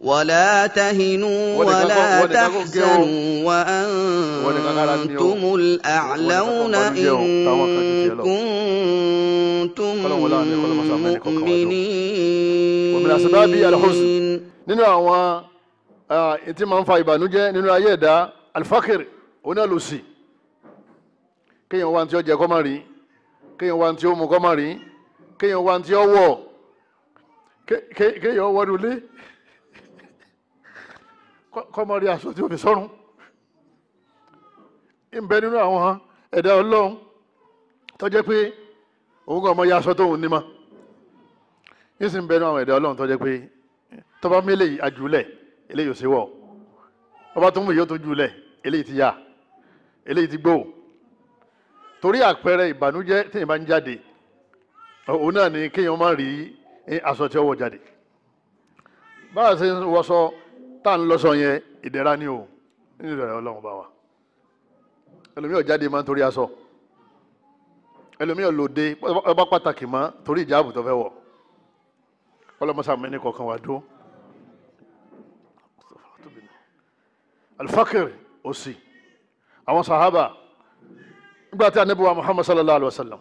ولا تهنوا ولا تحزنوا وأنتم الأعلون إن كنتم مؤمنين nínú àwọn tí máa ń fa ìbànújẹ́ nínú ayé ẹ̀dá alifakiri onílùsì kéèyàn wá ní tí ó jẹ kó má rí kéèyàn wá ní tí ó mu kó kéèyàn wá tí ó wọ̀ kéèyàn wọ́dúnlé kọ́mọ rí aṣọ tí ó fi sọ́run ń bẹ nínú àwọn ẹ̀dá ọlọ́run tó jẹ́ pé òun kọ́ ọmọ ya aṣọ tóun ní ma ń sì ń bẹ nínú àwọn ẹ̀dá ọlọ́run tó jẹ́ pé tọ́ba mi eléyìí ajúlẹ̀ eléyìí ò sí wọ̀ ọba tó mú yìí ó tó júlẹ̀ eléyìí ti yá eléyìí ti gbó torí àpẹẹrẹ ìbànújẹ́ téèyàn bá ń jáde òun náà ni kéèyàn má rí aṣọ tí ó wọ̀ jáde báyà ṣe ń wọṣọ tá à ń lọ́sọ yẹn ìdẹ̀ra ni o nínú ìdẹ̀ra ọlọ́run bá wa ẹlòmíì ò jáde máa ń torí aṣọ ẹlòmíì ò lòde ọba pàtàkì mọ́ torí ìjáàbù tó fẹ́ wọ̀ ọlọ́mọṣà mẹ́ni kọ̀ọ̀kan wà dún alifakir òsì àwọn sahaba nígbà tí anabi wa muhammad sallallahu alayhi wa sallam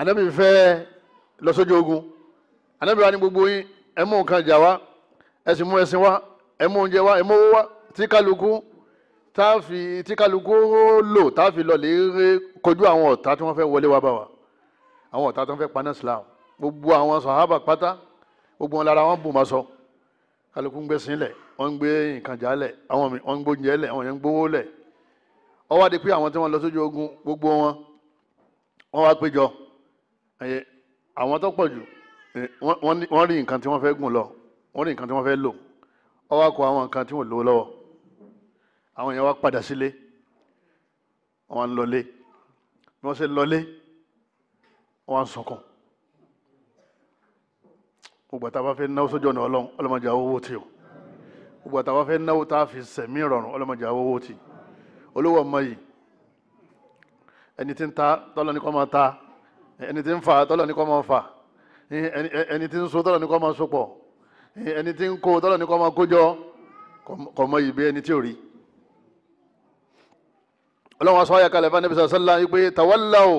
anabi fẹ́ lọ sójú ogun anabi wa ni gbogbo yín ẹ mú nǹkan jà wá ẹ sì mú ẹsìn wá ẹ oúnjẹ wá ẹ owó wá tí kálukú tá a fi tí kálukú lò tá a fi lọ ré kojú àwọn ọ̀tá tí wọ́n fẹ́ wọlé wá bá wa àwọn ọ̀tá tí wọ́n fẹ́ paná Islam gbogbo àwọn sàhábà pátá gbogbo wọn lára wọn bù máa sọ kálukú ń gbé sílẹ̀ wọ́n ń gbé nǹkan jà lẹ̀ àwọn mi wọ́n ń gbóúnjẹ lẹ̀ àwọn yẹn ń gbówó lẹ̀ ó wá di pé àwọn tí wọ́n lọ sójú ogun gbogbo wọn wọ́n wá péjọ àwọn tó pọ̀ jù wọ́n rí nǹkan tí wọ́n fẹ́ gùn lọ wọ́n rí nǹkan tí wọ́n fẹ́ lò ọwọ́ kọ àwọn nǹkan tí wọ́n lò lọ́wọ́ àwọn èèyàn wá padà sílé wọ́n ń lọlé bí wọ́n ṣe lọlé wọ́n ń sọkàn gbogbo àtàwọn afẹ́ náwó sójú ọ̀nà ọlọ́run ọlọ́mọdé àwọn owó o gbogbo àtàwọn afẹ́ náwó tá a fi sẹ̀mí ìrọ̀rùn ọlọ́mọdé àwọn owó tì olówó ọmọ yìí ẹni tí ń ta tọ́lọ́ ní kọ́ máa ta ẹni tí ń fa tọ́lọ́ ní kọ́ máa fa ẹni tí ń so tọ́lọ́ ní kọ́ máa so pọ̀ ẹni tí ń kó tọ́lọ̀ ní kọ́ ọmọ kójọ kọ́ mọ ìbí ẹni tí ò rí. ọlọ́run aṣọ àyàkà lẹ́fà níbi sàṣẹ́lá wípé tàwálà o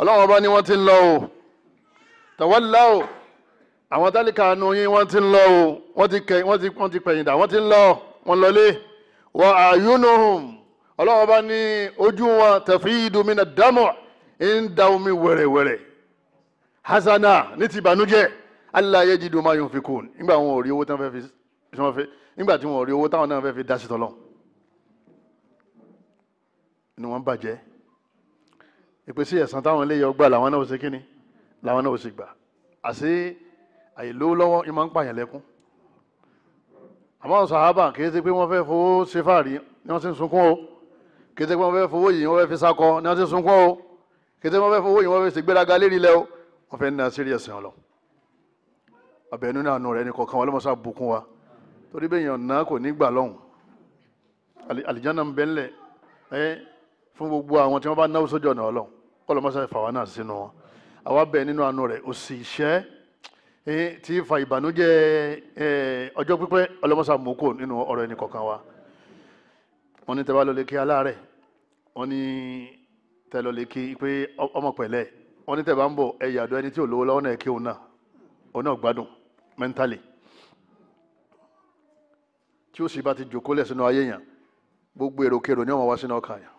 ọlọ́run ọba ni wọ́n ti ń lọ o tàwálà o àwọn tálíkà àánú yín wọ́n ti ń lọ o wọ́n ti kẹ̀yìn wọ́n ti ń lọ wọ́n lọlé wọ́n àyúnuhùn ọlọ́run ọba ní ojú wọn tafidu mina dámọ̀ ń da omi wẹ̀rẹ̀wẹ̀rẹ̀ hasana ní ti ìbànújẹ́ allah yajidu ma yunfikun nígbà wọn ò rí owó táwọn fẹ́ fi nígbà tí wọn ò rí owó táwọn náà fẹ́ fi dá sí tọ́lọ́ ni wọ́n bàjẹ́ ìpèsè ẹ̀sán táwọn ilé yọ gbà làwọn náà ò ṣe kíni làwọn náà ò sì gbà àṣé àìlówó lọ́wọ́ ìmọ̀ ń pààyàn lẹ́kún àmọ́ sàhábà kìí ṣe pé wọ́n fẹ́ fowó ṣe fàárí ni wọ́n ti ń sunkún o kìí ṣe pé wọ́n fẹ́ fowó yìí wọ́n fẹ́ fi sakọ ni wọ́n ti ń sunkún o kìí ṣe pé wọ́n fẹ́ fowó yìí wọ́n fẹ́ ṣègbéraga lérí lẹ́ wọ́n fẹ́ ní nàìjíríà sìn ọ́ ọbẹ̀ nínú àánú rẹ̀ ẹnìkọ̀ọ̀kan wa lọ́mọ́sá bùkún wa torí bẹ́ẹ̀ náà kò ní gbà lọ́hùn àlìjáná ń bẹ́ńlẹ̀ ẹ fún gbogbo àwọn tí bá náwó sójú ọ̀nà fà wá náà sínú wọn àwa bẹ̀ nínú àánú rẹ̀ òsì iṣẹ́ tí fa ìbànújẹ́ ọjọ wa wọ́n ní tẹ́wá lọ́lẹ́ kí ní ọmọ ní ń àdó ẹni mentally tí ó sì bá ti jòkó lẹ̀ sínú ayé yẹn gbogbo èròkèrò ni ó máa wá sínú ọkàn yẹn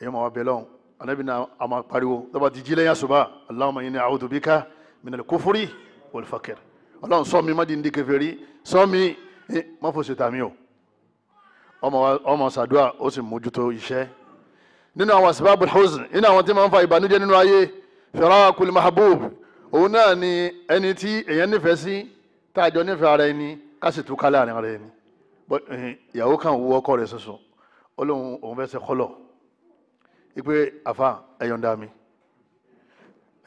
èyí máa wá bẹ lọ́hùn anabi náà a máa pariwo lọ́ba ti jí lẹ́yìn àṣùbà Allahumma inni a'udhu bika minal kufri wal faqr ọlọ́run sọ mi má di ń di kèfèrí sọ mi má fò ṣètà o ọmọ ṣàdúrà ó sì mójútó iṣẹ́ nínú àwọn asbabul huzn nínú àwọn tí máa ń fa ìbànújẹ́ nínú ayé firaqul mahbub òun náà ni ẹni tí èèyàn nífẹ̀ẹ́ sí tá a jọ nífẹ̀ẹ́ ara ẹni ká sì tú kálẹ̀ ara ẹni eh, ìyàwó kan wo ọkọ rẹ̀ ṣoṣo ọlọ́run òun fẹ́ ṣe kọ́lọ̀ ipe àfa ẹ̀yọ̀ǹda mi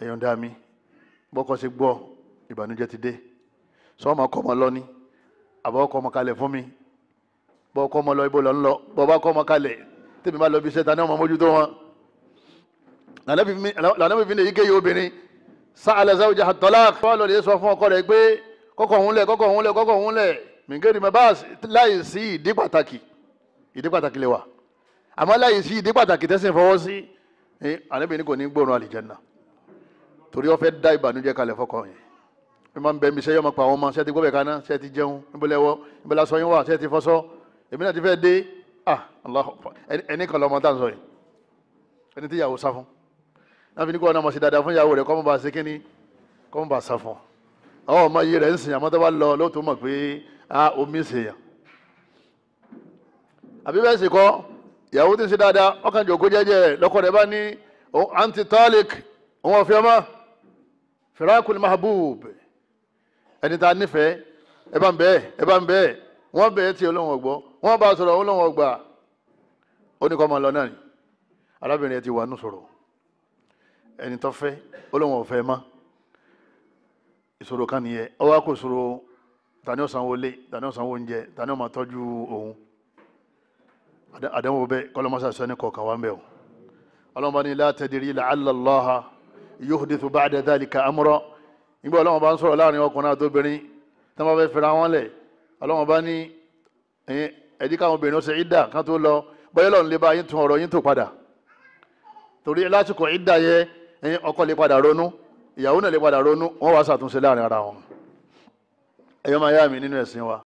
ẹ̀yọ̀ǹda mi bọ́kọ̀ sí gbọ́ ìbànújẹ́ ti dé sọ ma kọ́ ọmọ lọ ni àbọ̀ ọkọ̀ ọmọ kalẹ̀ fún mi bọ́ ọkọ̀ ọmọ lọ ibo lọ ń lọ bọ́ ọba kọ́ ọmọ kalẹ̀ tèmi bá lọ bí iṣẹ́ ní ọmọ mójútó wọn lànà fífi ní èyíkéyìí obìnrin sa'ala zawjaha talaq wọ́n lọ lè sọ fún ọkọ rẹ̀ pé kọ́kọ́ òun lẹ̀ kọ́kọ́ òun lẹ̀ kọ́kọ́ òun lẹ̀ mìngẹ́rì mẹ́ bá láì sí ìdí pàtàkì ìdí pàtàkì lè wà àmọ́ láì sí ìdí pàtàkì tẹ́sìn fọwọ́ sí ànábì ní kò ní gbóòórùn àlìjẹ́nà torí ó fẹ́ dá ìbànújẹ́ kalẹ̀ fọkọ yẹn mi máa ń bẹ mi sẹ́yọ́ máa pa àwọn ọmọ sẹ́ẹ̀tì gbọ́bẹ̀ kaná sẹ́ẹ̀tì jẹun níbẹ̀lẹ́wọ́ níbẹ̀lásọ yín wà sẹ́ẹ̀tì fọṣọ èmi náà ti fẹ́ dé ah Allah ẹni kan lọ́mọ tá à ń sọ yìí ẹni tí ìyàwó sá fún náà fi ní kó ọ̀nà mọ̀sí dáadáa fún ìyàwó rẹ̀ kọ́mọ́ bá ṣe kínní kọ́mọ́ bá sá fún ọ àwọn ọmọ yìí rẹ̀ ń sìn àmọ́ tó bá lọ lóòótọ́ mọ̀ pé a omi ṣèyàn àbí bẹ́ẹ̀ sì kọ́ ìyàwó ti ṣe dáadáa ọkàn jòkó jẹ́jẹ́ lọ́kọ rẹ̀ bá ní anti talik òun ọ̀fẹ́ ọmọ firakul mahbub ẹni tá a nífẹ̀ẹ́ ẹ bá ń bẹ́ẹ̀ ẹ bá ń bẹ́ẹ̀ wọ́n bẹ̀ẹ́ tí Ọlọ́hun ò gbà ó náà ni ti wà nù ẹni tó fẹ́ olóhùn ọ̀fẹ́ mọ́ ìṣòro kan nìyẹn ó wá kó ìṣòro tani ó sanwó lé tani ó sanwó oúnjẹ tani ó máa tọ́jú òun àdánwò bẹ́ẹ̀ kọ́lọ́mọ́sá sọ ní kọ̀ọ̀kan wá ń bẹ̀ o ọlọ́mọba ní la tadri la'alla Allaha yuhdithu ba'da dhalika amra nígbà ọlọ́mọ bá ń sọ̀rọ̀ láàrin ọkùnrin àtobìnrin tí wọ́n fẹ́ fẹ́ra wọn lẹ̀ ọlọ́mọ bá ní káwọn obìnrin ó ìdá kan tó lọ bọ́yọ́lọ́run lè yín tún ọ̀rọ̀ yín tó padà torí lásìkò ìdá yẹn ọkọ lè padà ronú ìyàwó náà lè padà ronú wọ́n wá ṣàtúnṣe láàrin ara wọn ẹ̀yọ́ máa yá mi nínú ẹ̀sìn wa